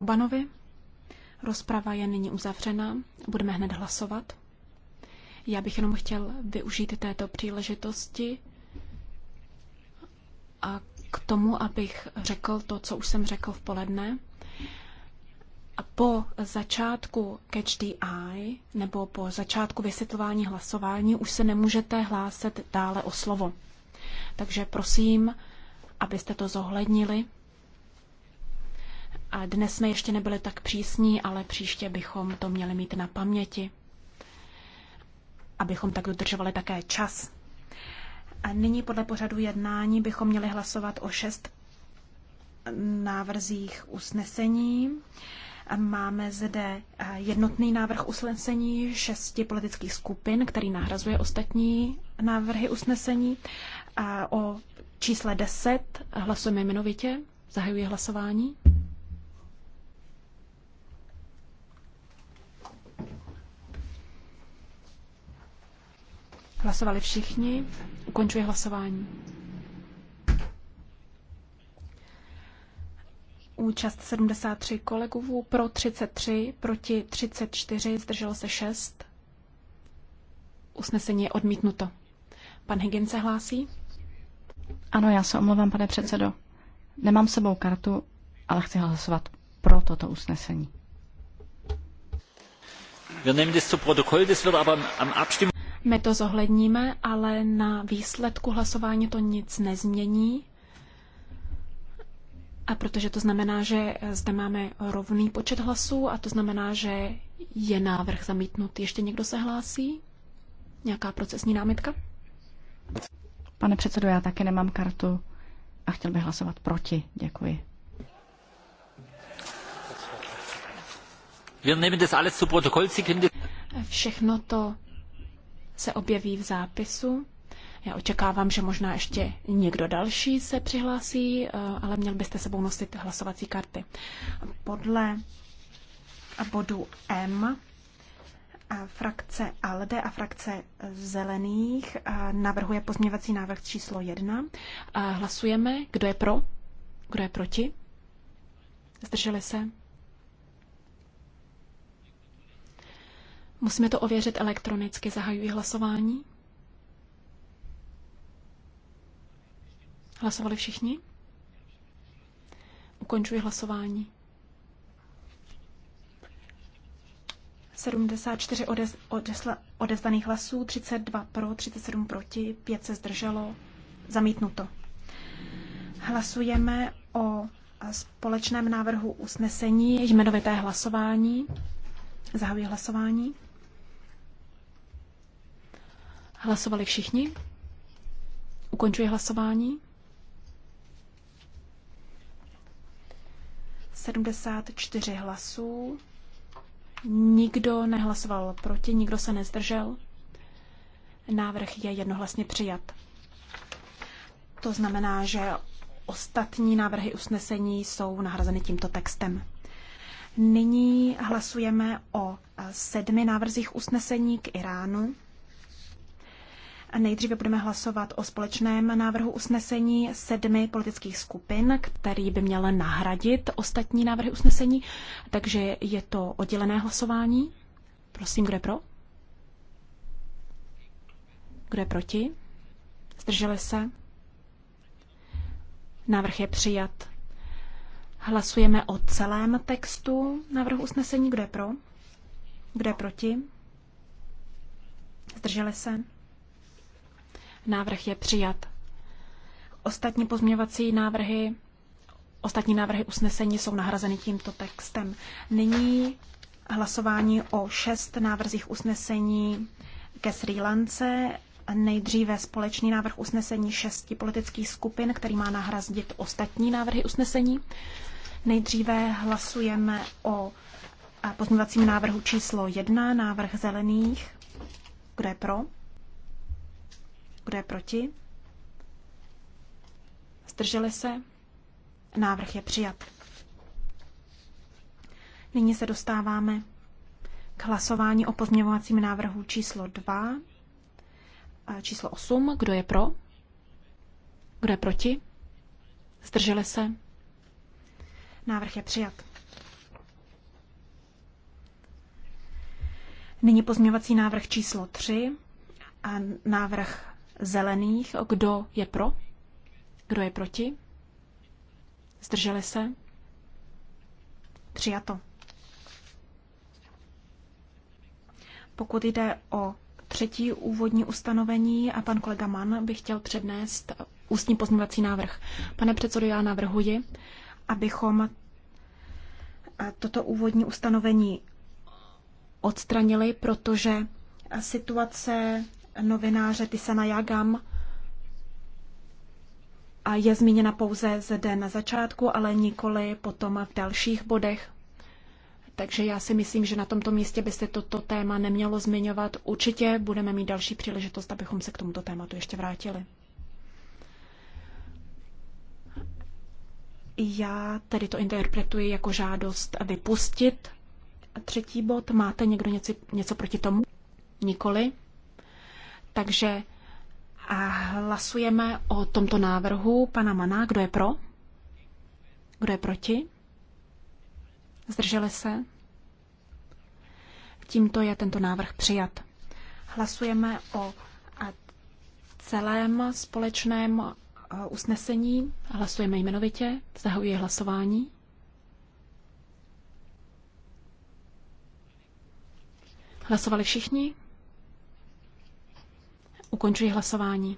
Banovi. Rozprava je nyní uzavřena, budeme hned hlasovat. Já bych jenom chtěl využít této příležitosti a k tomu, abych řekl to, co už jsem řekl v poledne. A po začátku Catch the Eye nebo po začátku vysvětlování hlasování už se nemůžete hlásit dále o slovo. Takže prosím, abyste to zohlednili. A dnes jsme ještě nebyli tak přísní, ale příště bychom to měli mít na paměti, abychom tak dodržovali také čas. A nyní podle pořadu jednání bychom měli hlasovat o šest návrzích usnesení. Máme zde eh, jednotný návrh usnesení šesti politických skupin, který nahrazuje ostatní návrhy usnesení. A o čísle 10 hlasujeme jmenovitě. Zahajuji hlasování. Hlasovali všichni. Ukončuji hlasování. Účast 73 kolegů, pro 33, proti 34, zdrželo se 6. Usnesení je odmítnuto. Pan Higgin se hlásí. Ano, já se omlouvám, pane předsedo. Nemám sebou kartu, ale chci hlasovat pro toto usnesení. Wir nehmen das zu Protokoll, das wird aber am Abstimmung my to zohledníme, ale na výsledku hlasování to nic nezmění. A protože to znamená, že zde máme rovný počet hlasů a to znamená, že je návrh zamítnut. Ještě někdo se hlásí? Nějaká procesní námitka? Pane předsedo, já taky nemám kartu a chtěl bych hlasovat proti. Děkuji. Všechno to se objeví v zápisu. Já očekávám, že možná ještě někdo další se přihlásí, eh, ale měl byste sebou nosit hlasovací karty. Podle bodu M a frakce ALDE a frakce Zelených eh, navrhuje pozměňovací návrh číslo 1. Eh, hlasujeme, kdo je pro, kdo je proti. Zdrželi se? Musíme to ověřit elektronicky. Zahajuji hlasování. Hlasovali všichni? Ukončuji hlasování. 74 odez, odesla, odezdaných hlasů, 32 pro, 37 proti, 5 se zdrželo, zamítnuto. Hlasujeme o společném návrhu usnesení, jmenovité hlasování. Zahajuji hlasování. Hlasovali všichni? Ukončuji hlasování. 74 hlasů. Nikdo nehlasoval proti, nikdo se nezdržel. Návrh je jednohlasně přijat. To znamená, že ostatní návrhy usnesení jsou nahrazeny tímto textem. Nyní hlasujeme o sedmi návrzích usnesení k Iránu. Nejdříve budeme hlasovat o společném návrhu usnesení sedmi politických skupin, který by měl nahradit ostatní návrhy usnesení. Takže je to oddělené hlasování. Prosím, kdo je pro? Kdo je proti? Zdrželi se? Návrh je přijat. Hlasujeme o celém textu návrhu usnesení. Kdo je pro? Kdo je proti? Zdrželi se? Návrh je přijat. Ostatní pozměňovací návrhy, ostatní návrhy usnesení jsou nahrazeny tímto textem. Nyní hlasování o šest návrzích usnesení ke Sri Lance. Nejdříve společný návrh usnesení šesti politických skupin, který má nahrazdit ostatní návrhy usnesení. Nejdříve hlasujeme o pozměňovacím návrhu číslo jedna, návrh zelených. Kdo je pro? Kdo je proti? Zdrželi se? Návrh je přijat. Nyní se dostáváme k hlasování o pozměňovacím návrhu číslo 2, číslo 8. Kdo je pro? Kdo je proti? Zdrželi se? Návrh je přijat. Nyní pozměňovací návrh číslo 3 a návrh zelených. Kdo je pro? Kdo je proti? Zdrželi se? Přijato. Pokud jde o třetí úvodní ustanovení a pan kolega Mann by chtěl přednést ústní pozměňovací návrh. Pane předsedo, já navrhuji, abychom toto úvodní ustanovení odstranili, protože situace novináře Tisana Jagam a je zmíněna pouze zde na začátku, ale nikoli potom v dalších bodech. Takže já si myslím, že na tomto místě by se toto téma nemělo zmiňovat. Určitě budeme mít další příležitost, abychom se k tomuto tématu ještě vrátili. Já tedy to interpretuji jako žádost vypustit. Třetí bod, máte někdo něco, něco proti tomu? Nikoli. Takže a hlasujeme o tomto návrhu pana Maná. Kdo je pro? Kdo je proti? Zdrželi se? Tímto je tento návrh přijat. Hlasujeme o celém společném usnesení. Hlasujeme jmenovitě. Zahajuji hlasování. Hlasovali všichni? Ukončuji hlasování.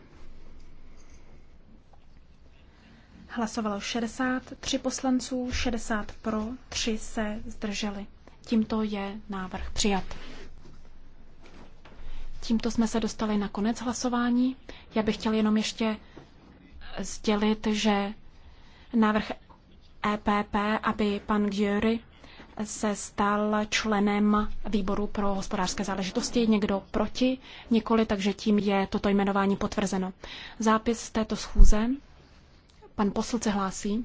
Hlasovalo 63 poslanců, 60 pro, 3 se zdrželi. Tímto je návrh přijat. Tímto jsme se dostali na konec hlasování. Já bych chtěl jenom ještě sdělit, že návrh EPP, aby pan Gjury se stal členem výboru pro hospodářské záležitosti, někdo proti, nikoli, takže tím je toto jmenování potvrzeno. Zápis této schůze. Pan posl se hlásí.